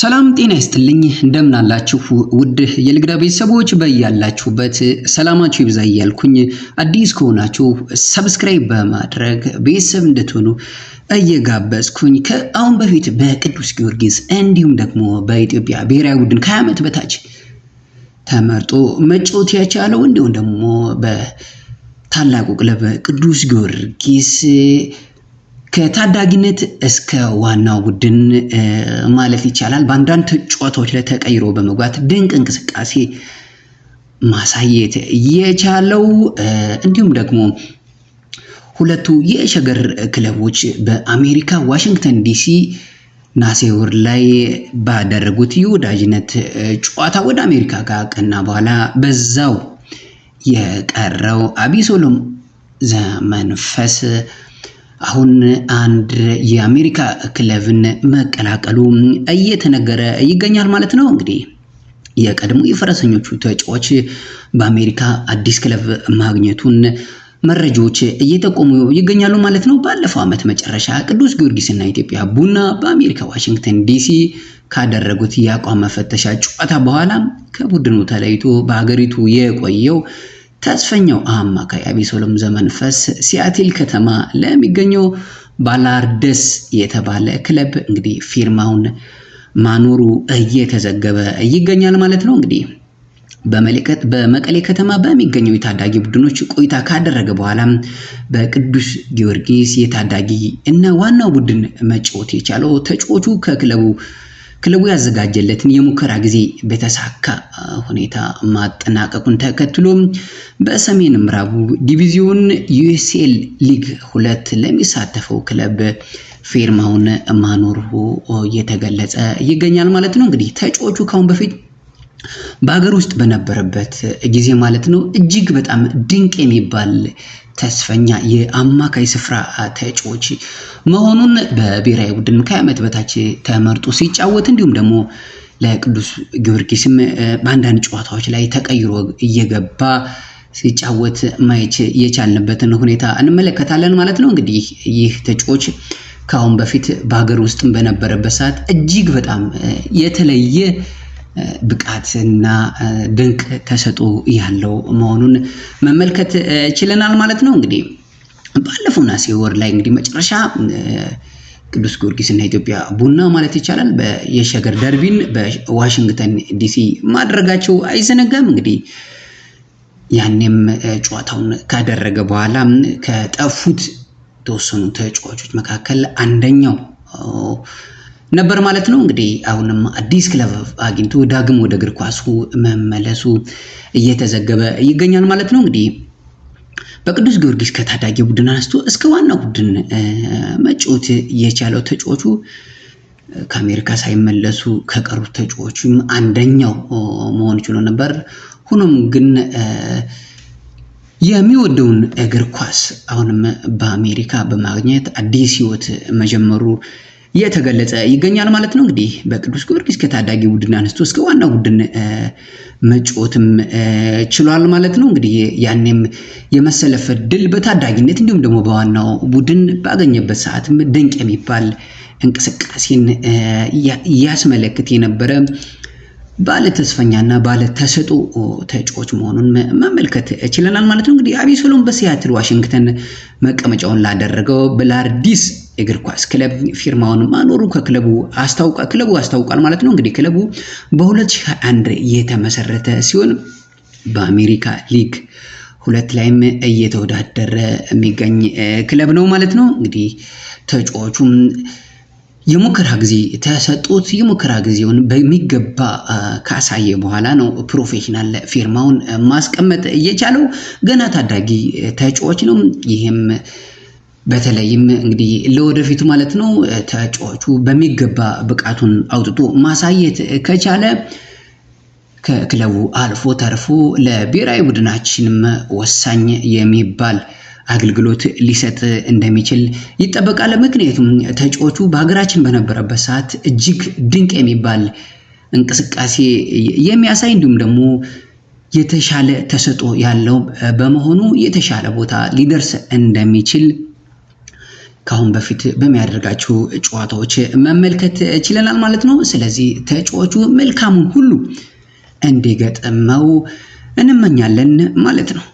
ሰላም ጤና ይስጥልኝ፣ እንደምን አላችሁ ውድ የልግዳ ቤተሰቦች፣ በያላችሁበት ሰላማችሁ ይብዛ እያልኩኝ አዲስ ከሆናችሁ ሰብስክራይብ በማድረግ ቤተሰብ እንድትሆኑ እየጋበዝኩኝ ከአሁን በፊት በቅዱስ ጊዮርጊስ እንዲሁም ደግሞ በኢትዮጵያ ብሔራዊ ቡድን ከሀያ ዓመት በታች ተመርጦ መጫወት የቻለው እንዲሁም ደግሞ በታላቁ ክለብ ቅዱስ ጊዮርጊስ ከታዳጊነት እስከ ዋናው ቡድን ማለፍ ይቻላል። በአንዳንድ ጨዋታዎች ላይ ተቀይሮ በመግባት ድንቅ እንቅስቃሴ ማሳየት የቻለው እንዲሁም ደግሞ ሁለቱ የሸገር ክለቦች በአሜሪካ ዋሽንግተን ዲሲ ናሴውር ላይ ባደረጉት የወዳጅነት ጨዋታ ወደ አሜሪካ ጋር ቀና በኋላ በዛው የቀረው አቢሶሎም ዘመንፈስ አሁን አንድ የአሜሪካ ክለብን መቀላቀሉ እየተነገረ ይገኛል ማለት ነው። እንግዲህ የቀድሞ የፈረሰኞቹ ተጫዋች በአሜሪካ አዲስ ክለብ ማግኘቱን መረጃዎች እየጠቆሙ ይገኛሉ ማለት ነው። ባለፈው ዓመት መጨረሻ ቅዱስ እና ኢትዮጵያ ቡና በአሜሪካ ዋሽንግተን ዲሲ ካደረጉት የአቋም መፈተሻ ጨዋታ በኋላ ከቡድኑ ተለይቶ በሀገሪቱ የቆየው ተስፈኛው አማካይ አቢሶሎም ዘመንፈስ ሲያትል ከተማ ለሚገኘው ባላርደስ የተባለ ክለብ እንግዲህ ፊርማውን ማኖሩ እየተዘገበ ይገኛል ማለት ነው። እንግዲህ በመቀሌ ከተማ በሚገኘው የታዳጊ ቡድኖች ቆይታ ካደረገ በኋላ በቅዱስ ጊዮርጊስ የታዳጊ እና ዋናው ቡድን መጫወት የቻለው ተጫዋቹ ከክለቡ ክለቡ ያዘጋጀለትን የሙከራ ጊዜ በተሳካ ሁኔታ ማጠናቀቁን ተከትሎ በሰሜን ምዕራቡ ዲቪዚዮን ዩኤስኤል ሊግ ሁለት ለሚሳተፈው ክለብ ፊርማውን ማኖሩ እየተገለጸ ይገኛል ማለት ነው። እንግዲህ ተጫዋቹ ከአሁን በፊት በሀገር ውስጥ በነበረበት ጊዜ ማለት ነው እጅግ በጣም ድንቅ የሚባል ተስፈኛ የአማካይ ስፍራ ተጫዋች መሆኑን በብሔራዊ ቡድን ከዓመት በታች ተመርጦ ሲጫወት እንዲሁም ደግሞ ለቅዱስ ጊዮርጊስም በአንዳንድ ጨዋታዎች ላይ ተቀይሮ እየገባ ሲጫወት ማየት የቻልንበትን ሁኔታ እንመለከታለን ማለት ነው። እንግዲህ ይህ ተጫዋች ከአሁን በፊት በሀገር ውስጥም በነበረበት ሰዓት እጅግ በጣም የተለየ ብቃትና ድንቅ ተሰጦ ያለው መሆኑን መመልከት ችለናል ማለት ነው። እንግዲህ ባለፈው ነሐሴ ወር ላይ እንግዲህ መጨረሻ ቅዱስ ጊዮርጊስና ኢትዮጵያ ቡና ማለት ይቻላል የሸገር ደርቢን በዋሽንግተን ዲሲ ማድረጋቸው አይዘነጋም። እንግዲህ ያኔም ጨዋታውን ካደረገ በኋላ ከጠፉት የተወሰኑ ተጫዋቾች መካከል አንደኛው ነበር ማለት ነው። እንግዲህ አሁንም አዲስ ክለብ አግኝቶ ዳግም ወደ እግር ኳሱ መመለሱ እየተዘገበ ይገኛል ማለት ነው። እንግዲህ በቅዱስ ጊዮርጊስ ከታዳጊ ቡድን አንስቶ እስከ ዋና ቡድን መጫወት የቻለው ተጫዋቹ ከአሜሪካ ሳይመለሱ ከቀሩት ተጫዋቹም አንደኛው መሆን ችሎ ነበር። ሆኖም ግን የሚወደውን እግር ኳስ አሁንም በአሜሪካ በማግኘት አዲስ ህይወት መጀመሩ የተገለጸ ይገኛል ማለት ነው። እንግዲህ በቅዱስ ጊዮርጊስ ከታዳጊ ቡድን አንስቶ እስከ ዋና ቡድን መጫወትም ችሏል ማለት ነው። እንግዲህ ያኔም የመሰለፍ ድል በታዳጊነት እንዲሁም ደግሞ በዋናው ቡድን ባገኘበት ሰዓትም ድንቅ የሚባል እንቅስቃሴን እያስመለክት የነበረ ባለ ተስፈኛና ባለ ተሰጦ ተጫዋች መሆኑን መመልከት ችለናል ማለት ነው። እንግዲህ አቤሰሎም በሲያትል ዋሽንግተን መቀመጫውን ላደረገው ብላርዲስ እግር ኳስ ክለብ ፊርማውን ማኖሩ ከክለቡ አስታውቃ ክለቡ አስታውቋል ማለት ነው። እንግዲህ ክለቡ በ2021 የተመሰረተ ሲሆን በአሜሪካ ሊግ ሁለት ላይም እየተወዳደረ የሚገኝ ክለብ ነው ማለት ነው። እንግዲህ ተጫዋቹም የሙከራ ጊዜ ተሰጡት። የሙከራ ጊዜውን በሚገባ ካሳየ በኋላ ነው ፕሮፌሽናል ፊርማውን ማስቀመጥ እየቻለው። ገና ታዳጊ ተጫዋች ነው። ይህም በተለይም እንግዲህ ለወደፊቱ ማለት ነው ተጫዋቹ በሚገባ ብቃቱን አውጥቶ ማሳየት ከቻለ ከክለቡ አልፎ ተርፎ ለብሔራዊ ቡድናችንም ወሳኝ የሚባል አገልግሎት ሊሰጥ እንደሚችል ይጠበቃል። ምክንያቱም ተጫዋቹ በሀገራችን በነበረበት ሰዓት እጅግ ድንቅ የሚባል እንቅስቃሴ የሚያሳይ እንዲሁም ደግሞ የተሻለ ተሰጦ ያለው በመሆኑ የተሻለ ቦታ ሊደርስ እንደሚችል ከአሁን በፊት በሚያደርጋቸው ጨዋታዎች መመልከት ችለናል ማለት ነው። ስለዚህ ተጫዋቹ መልካሙን ሁሉ እንዲገጥመው እንመኛለን ማለት ነው።